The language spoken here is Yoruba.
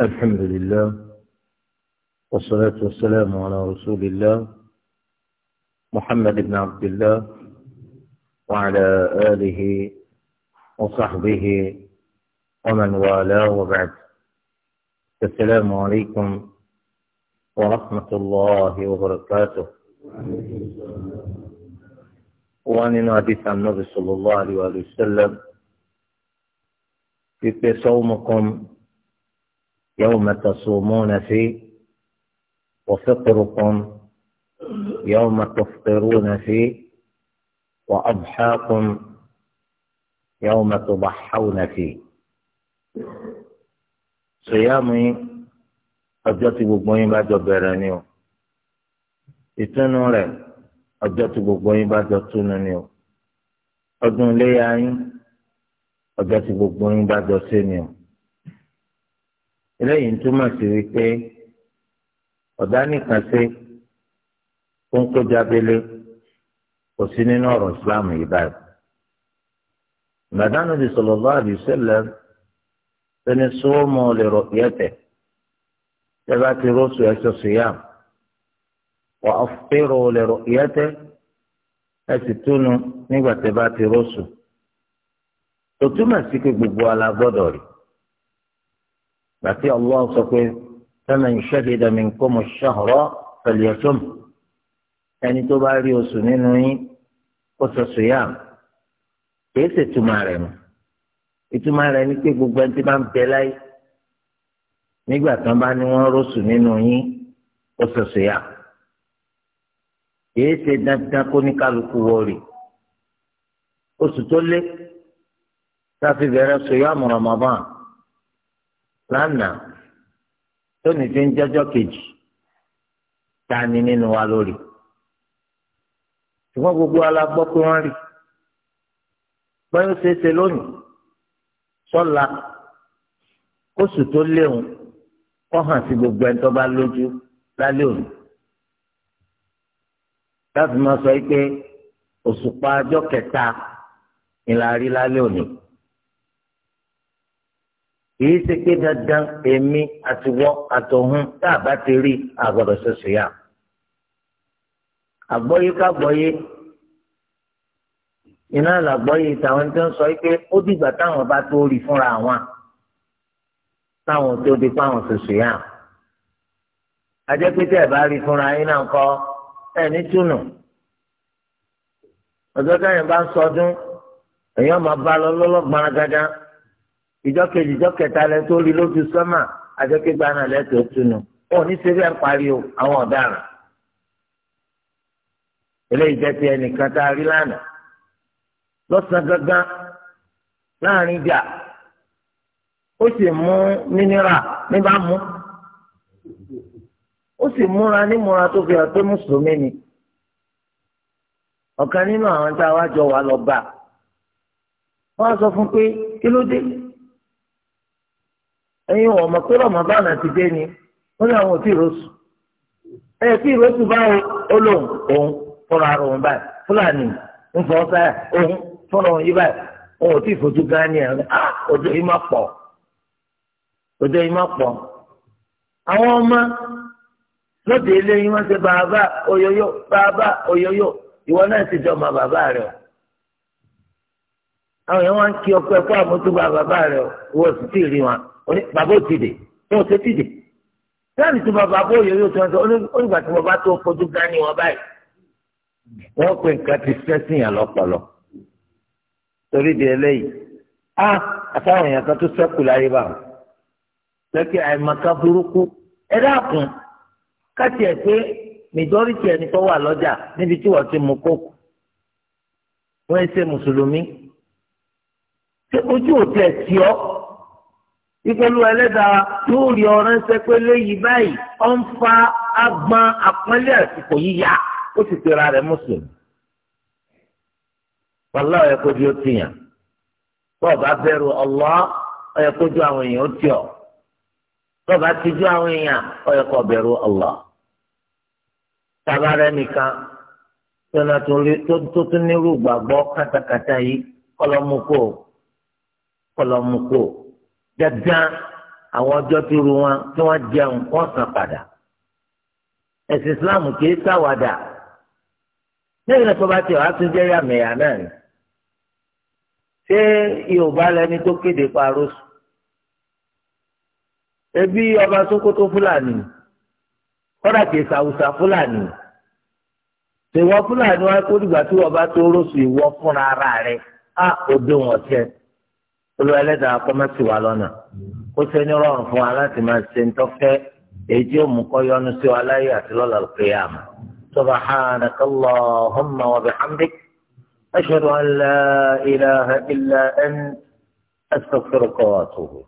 الحمد لله والصلاة والسلام على رسول الله محمد بن عبد الله وعلى آله وصحبه ومن والاه وبعد السلام عليكم ورحمة الله وبركاته وعن حديث عن النبي صلى الله عليه وسلم في صومكم يوم تصومون فيه وفطركم يوم تفطرون فيه وأضحاكم يوم تضحون فيه صيام أجت بوين بعد برانيو إتنوري أجت بوين بعد تنانيو أدن ليان أجت بوين بعد سنيو eléyìí ń túmọ̀ sí wípé ọ̀dà nìkan ṣe ó ń kójú abẹ́lé kò sí nínú ọ̀rọ̀ islam yìí báyìí. ìgbàdánù bí sallallahu alaihi wasallam sẹ́ni sọ́ọ́mọ́ lè rọ̀ yẹ́tẹ̀ tẹ́ bá ti rọ́ọ̀sù ẹ̀ṣọ́ sùyàm wà á fẹ́rọ̀ lè rọ̀ yẹ́tẹ̀ ẹ sì túnu nígbà tẹ́ bá ti rọ́ọ̀sù. tó túmọ̀ sí pé gbogbo alágbọ́dọ̀ rèé gbàtí Allah sọ pé faman shahida minkumu ash-shahra falyasum ẹni tó bá rí oṣù nínú yín ó sọ sùyàm kìí ṣe túmọ̀ rẹ̀ mọ́ ìtumọ̀ rẹ̀ ni pé gbogbo ẹni tí bá ń bẹ láyé nígbà tí bá ní wọ́n rọ́ṣù nínú yín ó sọ sùyàm kìí ṣe dandan kó ní kálukú wọ̀rì oṣù tó lé tá bẹ̀rẹ̀ sùyàm Ramadan lánàá tóní ti ń jẹ́jọ́ kejì ta ni nínú wa lórí ṣùgbọ́n gbogbo wa la gbọ́ pé wọ́n rí báyọ̀ ṣeéṣe lónìí sọ́la kóṣù tó léwu kọ́ hàn sí gbogbo ẹni tó bá lójú lálẹ́ òní láti máa sọ pé òṣùpá ọjọ́ kẹta ni la rí lálẹ́ òní kìí ṣe pé dandan èmi àtiwọ́ àtọ̀hún tá a bá ti rí àgbọ̀dọ̀ ṣoṣo yá. àgbọ́yé kágbọ́yé iná làgbọ́yé tàwọn tó ń sọ pé ó dìgbà táwọn bá tó rí fúnra wọn táwọn tó di fáwọn ṣoṣo yá. ajẹ́pẹ́tẹ́ ẹ̀ bá rí fúnra yín náà kọ́ ẹ̀ ní túnú. ọ̀dọ́ táyà bá ń sọdún èèyàn máa bá lọ lọ́lọ́gbọ̀n gángan ìjọ kejì ìjọ kẹta lẹ tó rí lójú sọmà àjọkẹgbà náà lẹtọ túnú wọn ò ní ṣe bẹ́ẹ̀ parí o àwọn ọ̀daràn eléyìí jẹ ti ẹnìkan tá a rí lánàá lọ́sàn gangan láàrin ìjà ó sì mú mínírà níbà mú ó sì múra nímúra tó fi hàn pé mùsùlùmí ni ọ̀kan nínú àwọn tá a wá jọ wà lọ bá wọn sọ fún pé kí ló dé ẹ̀yin wọn mọ̀ pé rọmọbáàmù ti dé ni wọn ní àwọn ò rọṣù ẹ tí rọṣù báwo ó lóun òun fúnra rẹ òun báyìí fúlàní ń fọ sáyà òun fúnra òun yìí báyìí ò ah, àwọn ọmọ lóde eléyìí wọn ṣe bàbá oyoyo oyoyo ìwọ náà ti jọ ọmọ bàbá rẹ àwọn èèyàn wá ń kí ọpẹ fún àmójúbà bàbá rẹ wọ sí ti rí wọn oní bàbá ò ti dè tó ṣe ti dè sáàbì tí bàbá bó yẹ yóò tó ń sọ onígbà tí bàbá tó fojú dání wọn báyìí wọn pe nǹkan ti sẹ́sìn yàn lọ́pọ̀lọ́ torí di eléyìí a àtàwọn èèyàn kan tó sẹ́kù láyé bá wọn lẹ́kẹ̀ àìmọ̀ká burúkú ẹ dákun káti ẹ̀ pé mìjọ́rìtì ẹni tó wà lọ́jà níbi tí wọ́n ti mú kókù ojú òtí ẹ̀ tì ọ́ ìpolú ẹlẹ́dàá yóò rí ọ ránṣẹ́ pé léyìí báyìí ọ ń fa agbọn àpọ́nlé àsìkò yíyá ó sì pera rẹ̀ mùsùlùmí. wàlá ọ̀yẹ́ kojú ó ti yàn bọ́ọ̀ bá àwọn èèyàn ó bá àwọn èèyàn nìkan tó kọlọ mú kó dandan àwọn ọjọ́ tó ru wọn tí wọ́n jẹun wọ́n san padà ẹ̀sìn islam kìí ṣàwàdà lẹ́yìn náà bá tiẹ̀ wá tún jẹ́ yàmẹ̀yà náà ni ṣé yorùbá lẹni tó kéde parọ́ sùn ẹbí ọba Sókótó fúlàní kọ́dà kìí ṣàwùsà fúlàní ṣèwọ́ fúlàní wá kó dìgbà tí ọba tó rọ́ọ̀sù ìwọ fúnra ara rẹ̀ á òde wọn tiẹ̀ olùwà ẹlẹ́dàá akọ́mọ́sí wa lọ́nà ó ṣe ní rọrùn fún wa láti máa ṣe ń tọ́fẹ́ èyí tí ó mú kọ́ yọnu sí wa láyé àti lọ́la al-qiyama subhanaka Allahumma wa bihamdik ashhadu an la ilaha illa ant astaghfiruka wa atubu.